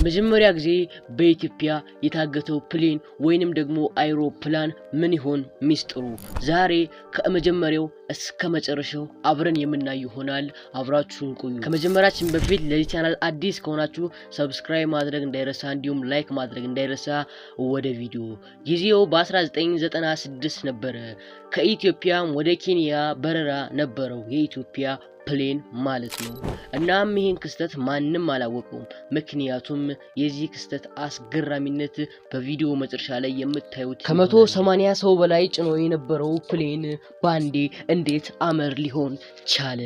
ለመጀመሪያ ጊዜ በኢትዮጵያ የታገተው ፕሌን ወይንም ደግሞ አይሮፕላን ምን ይሆን ሚስጥሩ? ዛሬ ከመጀመሪያው እስከ መጨረሻው አብረን የምናይ ይሆናል። አብራችሁን ቆዩ። ከመጀመሪያችን በፊት ለዚህ ቻናል አዲስ ከሆናችሁ ሰብስክራይብ ማድረግ እንዳይረሳ፣ እንዲሁም ላይክ ማድረግ እንዳይረሳ። ወደ ቪዲዮ ጊዜው በ1996 ነበረ። ከኢትዮጵያ ወደ ኬንያ በረራ ነበረው የኢትዮጵያ ፕሌን ማለት ነው። እናም ይህን ክስተት ማንም አላወቀውም። ምክንያቱም የዚህ ክስተት አስገራሚነት በቪዲዮ መጨረሻ ላይ የምታዩት ከመቶ ሰማንያ ሰው በላይ ጭኖ የነበረው ፕሌን ባንዴ እንዴት አመር ሊሆን ቻለ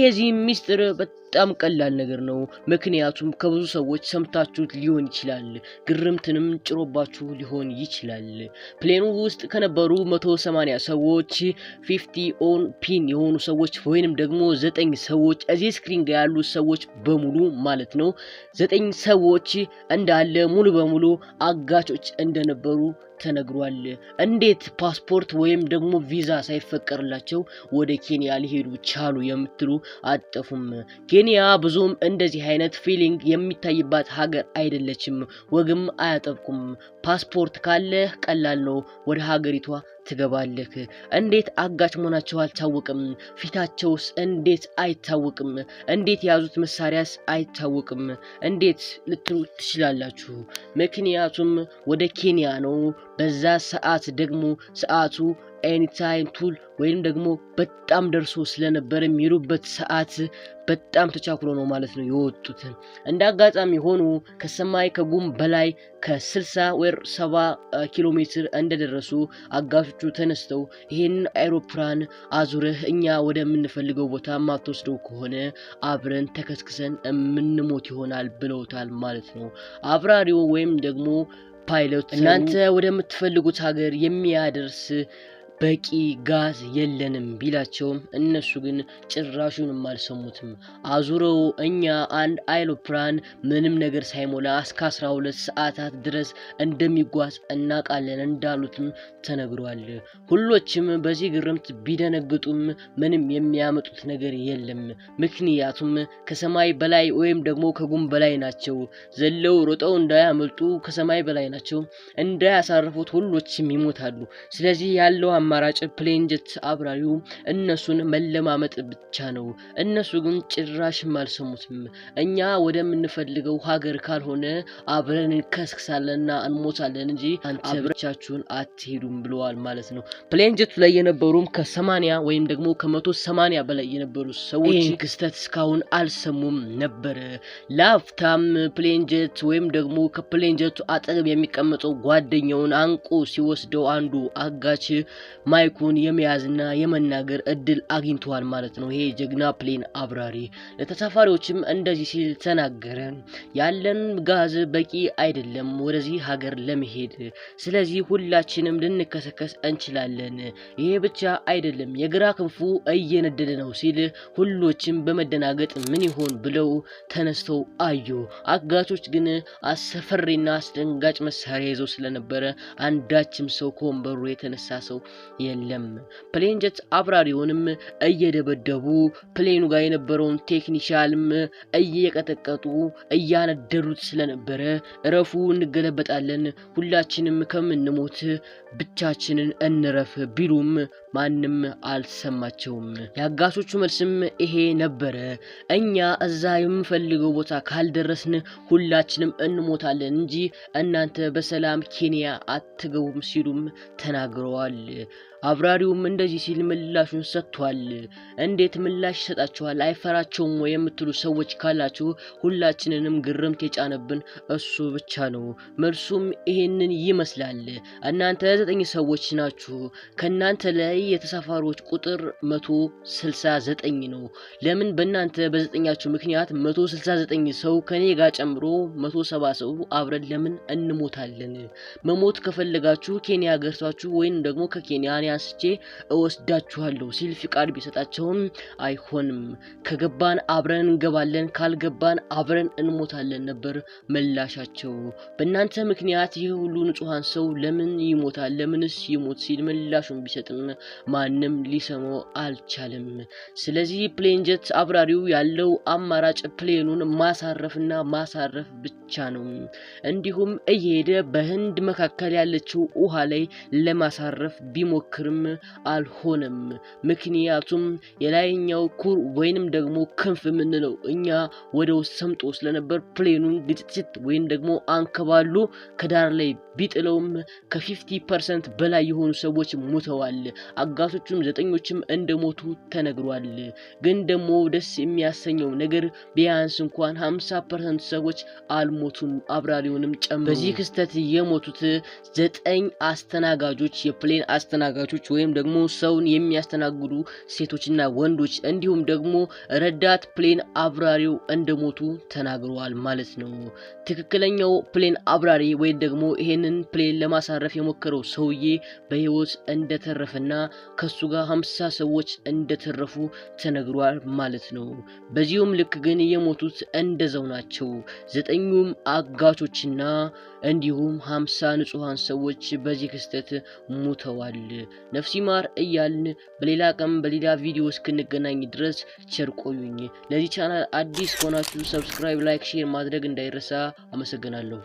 የዚህ ሚስጥር በጣም ቀላል ነገር ነው። ምክንያቱም ከብዙ ሰዎች ሰምታችሁት ሊሆን ይችላል፣ ግርምትንም ጭሮባችሁ ሊሆን ይችላል። ፕሌኑ ውስጥ ከነበሩ 180 ሰዎች 50 ኦን ፒን የሆኑ ሰዎች ወይንም ደግሞ ዘጠኝ ሰዎች እዚህ ስክሪን ጋር ያሉ ሰዎች በሙሉ ማለት ነው ዘጠኝ ሰዎች እንዳለ ሙሉ በሙሉ አጋቾች እንደነበሩ ተነግሯል። እንዴት ፓስፖርት ወይም ደግሞ ቪዛ ሳይፈቀርላቸው ወደ ኬንያ ሊሄዱ ቻሉ የምትሉ አጠፉም። ኬንያ ብዙም እንደዚህ አይነት ፊሊንግ የሚታይባት ሀገር አይደለችም። ወግም አያጠብቁም። ፓስፖርት ካለህ ቀላል ነው ወደ ሀገሪቷ ትገባለህ? እንዴት አጋች መሆናቸው አልታወቅም? ፊታቸውስ እንዴት አይታወቅም? እንዴት የያዙት መሳሪያስ አይታወቅም? እንዴት ልትሉ ትችላላችሁ። ምክንያቱም ወደ ኬንያ ነው። በዛ ሰዓት ደግሞ ሰዓቱ ኤኒታይም ቱል ወይም ደግሞ በጣም ደርሶ ስለነበር የሚሉበት ሰዓት በጣም ተቻክሎ ነው ማለት ነው የወጡትን። እንደ አጋጣሚ ሆኖ ከሰማይ ከጉም በላይ ከ60 ወር 70 ኪሎ ሜትር እንደደረሱ አጋሾቹ ተነስተው ይሄን አይሮፕላን አዙረህ እኛ ወደምንፈልገው ቦታ ማትወስደው ከሆነ አብረን ተከስክሰን የምንሞት ይሆናል ብለውታል ማለት ነው። አብራሪው ወይም ደግሞ ፓይለት እናንተ ወደምትፈልጉት ሀገር የሚያደርስ በቂ ጋዝ የለንም ቢላቸውም እነሱ ግን ጭራሹንም አልሰሙትም። አዙረው እኛ አንድ አይሎፕራን ምንም ነገር ሳይሞላ እስከ 12 ሰዓታት ድረስ እንደሚጓዝ እናቃለን እንዳሉትም ተነግሯል። ሁሎችም በዚህ ግርምት ቢደነግጡም ምንም የሚያመጡት ነገር የለም። ምክንያቱም ከሰማይ በላይ ወይም ደግሞ ከጉም በላይ ናቸው። ዘለው ሮጠው እንዳያመልጡ ከሰማይ በላይ ናቸው። እንዳያሳርፉት ሁሎችም ይሞታሉ። ስለዚህ ያለው አማራጭ ፕሌን ጀት አብራሪው እነሱን መለማመጥ ብቻ ነው። እነሱ ግን ጭራሽም አልሰሙትም። እኛ ወደምንፈልገው ሀገር ካልሆነ አብረን እንከስክሳለንና እንሞታለን እንጂ አብረቻችሁን አትሄዱም ብለዋል ማለት ነው። ፕሌን ጀቱ ላይ የነበሩም ከሰማንያ ወይም ደግሞ ከመቶ ሰማንያ በላይ የነበሩ ሰዎች ይህን ክስተት እስካሁን አልሰሙም ነበረ። ላፍታም ፕሌን ጀት ወይም ደግሞ ከፕሌን ጀቱ አጠገብ የሚቀመጠው ጓደኛውን አንቆ ሲወስደው አንዱ አጋች ማይኩን የመያዝና የመናገር እድል አግኝተዋል ማለት ነው። ይሄ ጀግና ፕሌን አብራሪ ለተሳፋሪዎችም እንደዚህ ሲል ተናገረ። ያለን ጋዝ በቂ አይደለም ወደዚህ ሀገር ለመሄድ። ስለዚህ ሁላችንም ልንከሰከስ እንችላለን። ይሄ ብቻ አይደለም፣ የግራ ክንፉ እየነደደ ነው ሲል ሁሎችም በመደናገጥ ምን ይሆን ብለው ተነስተው አዩ። አጋቾች ግን አስፈሪና አስደንጋጭ መሳሪያ ይዘው ስለነበረ አንዳችም ሰው ከወንበሩ የተነሳ ሰው የለም። ፕሌን ጀት አብራሪውንም እየደበደቡ ፕሌኑ ጋር የነበረውን ቴክኒሻልም እየቀጠቀጡ እያነደሩት ስለነበረ እረፉ፣ እንገለበጣለን፣ ሁላችንም ከምንሞት ብቻችንን እንረፍ ቢሉም ማንም አልሰማቸውም። የአጋቾቹ መልስም ይሄ ነበረ። እኛ እዛ የምንፈልገው ቦታ ካልደረስን ሁላችንም እንሞታለን እንጂ እናንተ በሰላም ኬንያ አትገቡም ሲሉም ተናግረዋል። አብራሪውም እንደዚህ ሲል ምላሹን ሰጥቷል። እንዴት ምላሽ ይሰጣችኋል? አይፈራቸውም ወይ የምትሉ ሰዎች ካላችሁ ሁላችንንም ግርምት የጫነብን እሱ ብቻ ነው። መልሱም ይሄንን ይመስላል። እናንተ ዘጠኝ ሰዎች ናችሁ። ከእናንተ ላይ የተሳፋሪዎች ቁጥር መቶ ስልሳ ዘጠኝ ነው። ለምን በእናንተ በዘጠኛችሁ ምክንያት መቶ ስልሳ ዘጠኝ ሰው ከኔ ጋር ጨምሮ መቶ ሰባ ሰው አብረን ለምን እንሞታለን? መሞት ከፈለጋችሁ ኬንያ ገርቷችሁ ወይም ደግሞ ከኬንያ አስቼ እወስዳችኋለሁ ሲል ፍቃድ ቢሰጣቸውም አይሆንም፣ ከገባን አብረን እንገባለን፣ ካልገባን አብረን እንሞታለን ነበር ምላሻቸው። በእናንተ ምክንያት ይህ ሁሉ ንጹሐን ሰው ለምን ይሞታል? ለምንስ ይሞት? ሲል ምላሹን ቢሰጥም ማንም ሊሰማው አልቻለም። ስለዚህ ፕሌንጀት አብራሪው ያለው አማራጭ ፕሌኑን ማሳረፍና ማሳረፍ ብቻ ነው። እንዲሁም እየሄደ በህንድ መካከል ያለችው ውሃ ላይ ለማሳረፍ ቢሞክር ምስክርም አልሆነም። ምክንያቱም የላይኛው ኩር ወይንም ደግሞ ክንፍ የምንለው እኛ ወደ ውስጥ ሰምጦ ስለነበር ፕሌኑን ግጭት ወይም ደግሞ አንከባሉ ከዳር ላይ ቢጥለውም ከፊፍቲ ፐርሰንት በላይ የሆኑ ሰዎች ሞተዋል። አጋቶቹም ዘጠኞችም እንደሞቱ ተነግሯል። ግን ደግሞ ደስ የሚያሰኘው ነገር ቢያንስ እንኳን 50 ፐርሰንት ሰዎች አልሞቱም፣ አብራሪውንም ጨምሮ። በዚህ ክስተት የሞቱት ዘጠኝ አስተናጋጆች የፕሌን አስተናጋጆች ተመልካቾች ወይም ደግሞ ሰውን የሚያስተናግዱ ሴቶችና ወንዶች እንዲሁም ደግሞ ረዳት ፕሌን አብራሪው እንደሞቱ ተናግረዋል ማለት ነው። ትክክለኛው ፕሌን አብራሪ ወይም ደግሞ ይሄንን ፕሌን ለማሳረፍ የሞከረው ሰውዬ በህይወት እንደተረፈና ከሱ ጋር ሀምሳ ሰዎች እንደተረፉ ተነግሯል ማለት ነው። በዚሁም ልክ ግን የሞቱት እንደዛው ናቸው። ዘጠኙም አጋቾችና እንዲሁም ሀምሳ ንጹሐን ሰዎች በዚህ ክስተት ሙተዋል ነፍሲ ማር እያልን በሌላ ቀን በሌላ ቪዲዮ እስክንገናኝ ድረስ ቸር ቆዩኝ። ለዚህ ቻናል አዲስ ከሆናችሁ ሰብስክራይብ፣ ላይክ፣ ሼር ማድረግ እንዳይረሳ። አመሰግናለሁ።